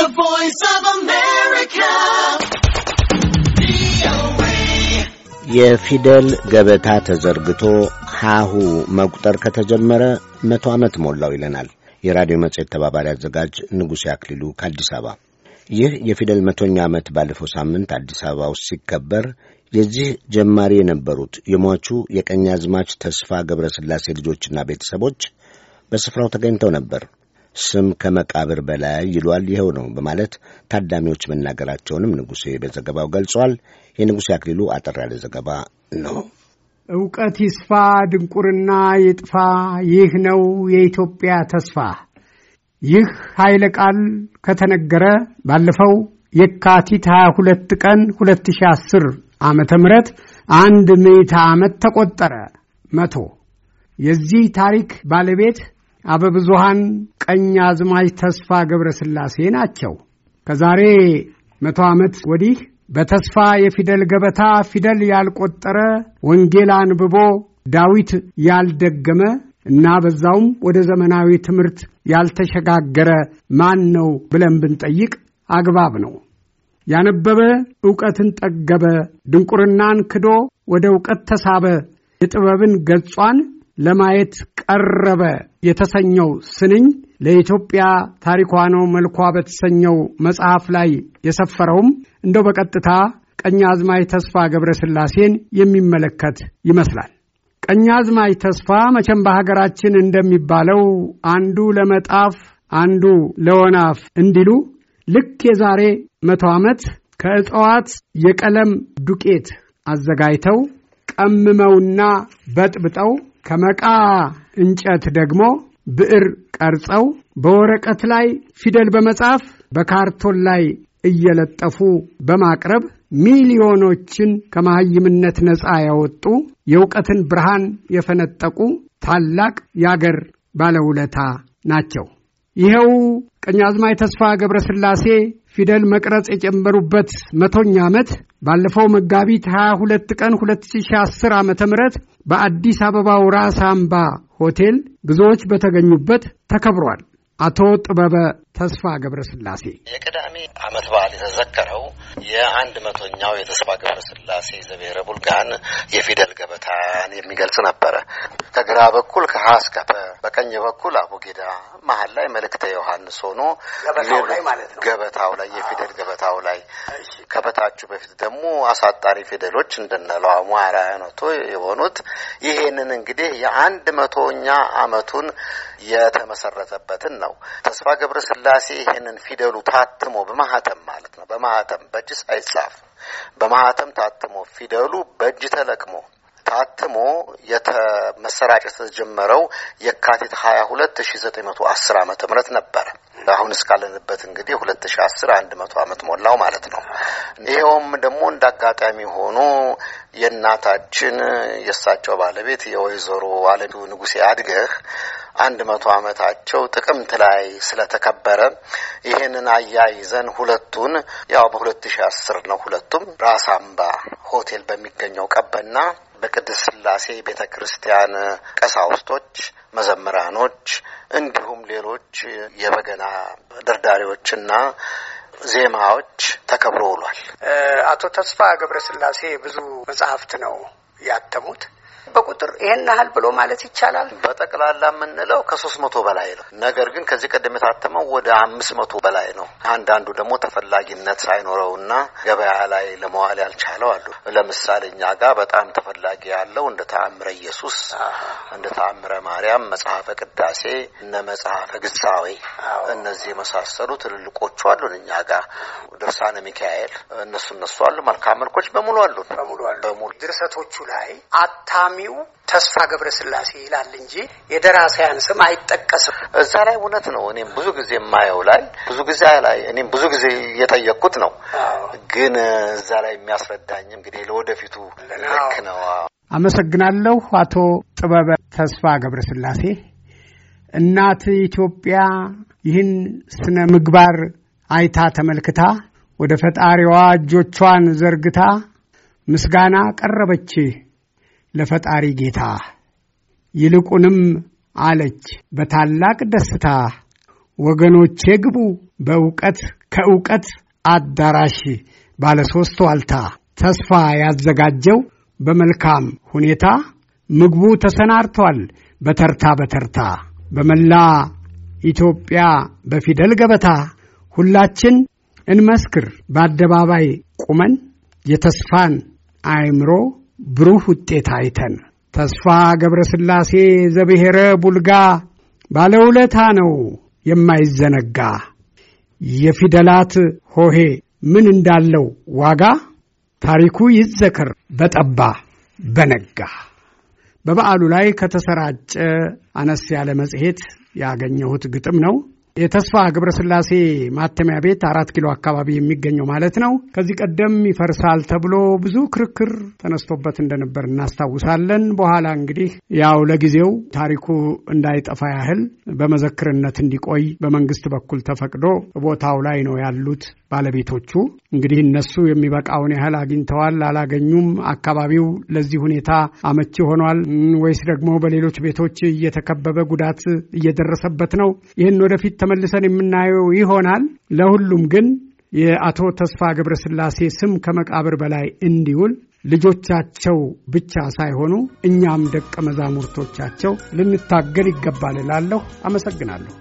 The Voice of America. የፊደል ገበታ ተዘርግቶ ሀሁ መቁጠር ከተጀመረ መቶ ዓመት ሞላው ይለናል የራዲዮ መጽሔት ተባባሪ አዘጋጅ ንጉሴ አክሊሉ ከአዲስ አበባ። ይህ የፊደል መቶኛ ዓመት ባለፈው ሳምንት አዲስ አበባ ውስጥ ሲከበር የዚህ ጀማሪ የነበሩት የሟቹ የቀኝ አዝማች ተስፋ ገብረ ስላሴ ልጆችና ቤተሰቦች በስፍራው ተገኝተው ነበር። ስም ከመቃብር በላይ ይሏል ይኸው ነው በማለት ታዳሚዎች መናገራቸውንም ንጉሴ በዘገባው ገልጿል። የንጉሴ አክሊሉ አጠር ያለ ዘገባ ነው። እውቀት ይስፋ፣ ድንቁርና ይጥፋ፣ ይህ ነው የኢትዮጵያ ተስፋ። ይህ ኃይለ ቃል ከተነገረ ባለፈው የካቲት 22 ቀን 2010 ዓመተ ምህረት አንድ ምዕተ ዓመት ተቆጠረ። መቶ የዚህ ታሪክ ባለቤት አበብዙሃን አዝማጅ ተስፋ ገብረስላሴ ናቸው። ከዛሬ መቶ ዓመት ወዲህ በተስፋ የፊደል ገበታ ፊደል ያልቆጠረ ወንጌል አንብቦ ዳዊት ያልደገመ እና በዛውም ወደ ዘመናዊ ትምህርት ያልተሸጋገረ ማን ነው ብለን ብንጠይቅ አግባብ ነው። ያነበበ ዕውቀትን ጠገበ፣ ድንቁርናን ክዶ ወደ ዕውቀት ተሳበ፣ የጥበብን ገጿን ለማየት ቀረበ የተሰኘው ስንኝ ለኢትዮጵያ ታሪኳ ነው መልኳ በተሰኘው መጽሐፍ ላይ የሰፈረውም እንደው በቀጥታ ቀኛዝማች ተስፋ ገብረስላሴን የሚመለከት ይመስላል። ቀኛዝማች ተስፋ መቼም በሀገራችን እንደሚባለው አንዱ ለመጣፍ አንዱ ለወናፍ እንዲሉ ልክ የዛሬ መቶ ዓመት ከእጽዋት የቀለም ዱቄት አዘጋጅተው ቀምመውና በጥብጠው ከመቃ እንጨት ደግሞ ብዕር ቀርጸው በወረቀት ላይ ፊደል በመጻፍ በካርቶን ላይ እየለጠፉ በማቅረብ ሚሊዮኖችን ከመሐይምነት ነፃ ያወጡ የእውቀትን ብርሃን የፈነጠቁ ታላቅ የአገር ባለውለታ ናቸው። ይኸው ቀኛዝማች ተስፋ ገብረስላሴ ፊደል መቅረጽ የጨመሩበት መቶኛ ዓመት ባለፈው መጋቢት 22 ቀን 2010 ዓ ም በአዲስ አበባው ራስ አምባ ሆቴል ብዙዎች በተገኙበት ተከብሯል። አቶ ጥበበ ተስፋ ገብረስላሴ የቅዳሜ ዓመት በዓል የተዘከረው የአንድ መቶኛው የተስፋ ስላሴ ዘብሔረ ቡልጋን የፊደል ገበታን የሚገልጽ ነበረ። ከግራ በኩል ከሀ እስከ ፐ በቀኝ በኩል አቡጌዳ መሀል ላይ መልእክተ ዮሐንስ ሆኖ ገበታው ላይ የፊደል ገበታው ላይ ከበታችሁ በፊት ደግሞ አሳጣሪ ፊደሎች እንደነለዋሙ አራያኖቶ የሆኑት ይሄንን እንግዲህ የአንድ መቶኛ አመቱን የተመሰረተበትን ነው። ተስፋ ገብረ ስላሴ ይህንን ፊደሉ ታትሞ በማህተም ማለት ነው በማህተም በእጅ ሳይጻፍ በማህተም ታትሞ ፊደሉ በእጅ ተለቅሞ ታትሞ የተመሰራጨት የተጀመረው የካቲት ሀያ ሁለት ሺ ዘጠኝ መቶ አስር አመተ ምህረት ነበረ። አሁን እስካለንበት እንግዲህ ሁለት ሺ አስር አንድ መቶ አመት ሞላው ማለት ነው። ይኸውም ደግሞ እንደ አጋጣሚ ሆኖ የእናታችን የእሳቸው ባለቤት የወይዘሮ አለቱ ንጉሴ አድገህ አንድ መቶ አመታቸው ጥቅምት ላይ ስለተከበረ ይህንን አያይዘን ሁለቱን ያው በሁለት ሺ አስር ነው ሁለቱም ራስ አምባ ሆቴል በሚገኘው ቀበና በቅድስት ስላሴ ቤተ ክርስቲያን ቀሳውስቶች፣ መዘምራኖች እንዲሁም ሌሎች የበገና ደርዳሪዎችና ዜማዎች ተከብሮ ውሏል። አቶ ተስፋ ገብረስላሴ ብዙ መጽሐፍት ነው ያተሙት። በቁጥር ይህን ያህል ብሎ ማለት ይቻላል። በጠቅላላ የምንለው ከሶስት መቶ በላይ ነው። ነገር ግን ከዚህ ቀደም የታተመው ወደ አምስት መቶ በላይ ነው። አንዳንዱ ደግሞ ተፈላጊነት ሳይኖረውና ገበያ ላይ ለመዋል ያልቻለው አሉ። ለምሳሌ እኛ ጋር በጣም ተፈላጊ ያለው እንደ ተአምረ ኢየሱስ፣ እንደ ተአምረ ማርያም፣ መጽሐፈ ቅዳሴ፣ እነ መጽሐፈ ግሳዌ እነዚህ የመሳሰሉ ትልልቆቹ አሉን። እኛ ጋር ድርሳነ ሚካኤል እነሱ እነሱ አሉ። መልካም መልኮች በሙሉ አሉን በሙሉ ድርሰቶቹ ላይ አታ ገጣሚው ተስፋ ገብረስላሴ ይላል እንጂ የደራሲያን ስም አይጠቀስም። እዛ ላይ እውነት ነው። እኔም ብዙ ጊዜ የማየው ላይ ብዙ ጊዜ ላይ እኔም ብዙ ጊዜ እየጠየቅኩት ነው። ግን እዛ ላይ የሚያስረዳኝ እንግዲህ ለወደፊቱ ልክ ነው። አመሰግናለሁ። አቶ ጥበበ ተስፋ ገብረስላሴ እናት ኢትዮጵያ ይህን ስነ ምግባር አይታ ተመልክታ ወደ ፈጣሪዋ እጆቿን ዘርግታ ምስጋና ቀረበች። ለፈጣሪ ጌታ። ይልቁንም አለች በታላቅ ደስታ ወገኖቼ ግቡ በእውቀት ከእውቀት አዳራሽ ባለ ሦስት ዋልታ ተስፋ ያዘጋጀው በመልካም ሁኔታ ምግቡ ተሰናድቷል በተርታ በተርታ በመላ ኢትዮጵያ በፊደል ገበታ ሁላችን እንመስክር በአደባባይ ቁመን የተስፋን አእምሮ ብሩህ ውጤት አይተን ተስፋ ገብረስላሴ ዘብሔረ ቡልጋ ባለውለታ ነው የማይዘነጋ የፊደላት ሆሄ ምን እንዳለው ዋጋ ታሪኩ ይዘከር በጠባ በነጋ በበዓሉ ላይ ከተሰራጨ አነስ ያለ መጽሔት ያገኘሁት ግጥም ነው። የተስፋ ገብረስላሴ ማተሚያ ቤት አራት ኪሎ አካባቢ የሚገኘው ማለት ነው። ከዚህ ቀደም ይፈርሳል ተብሎ ብዙ ክርክር ተነስቶበት እንደነበር እናስታውሳለን። በኋላ እንግዲህ ያው ለጊዜው ታሪኩ እንዳይጠፋ ያህል በመዘክርነት እንዲቆይ በመንግስት በኩል ተፈቅዶ ቦታው ላይ ነው ያሉት ባለቤቶቹ እንግዲህ እነሱ የሚበቃውን ያህል አግኝተዋል አላገኙም፣ አካባቢው ለዚህ ሁኔታ አመቺ ሆኗል ወይስ ደግሞ በሌሎች ቤቶች እየተከበበ ጉዳት እየደረሰበት ነው። ይህን ወደፊት ተመልሰን የምናየው ይሆናል። ለሁሉም ግን የአቶ ተስፋ ገብረስላሴ ስም ከመቃብር በላይ እንዲውል ልጆቻቸው ብቻ ሳይሆኑ እኛም ደቀ መዛሙርቶቻቸው ልንታገል ይገባል እላለሁ። አመሰግናለሁ።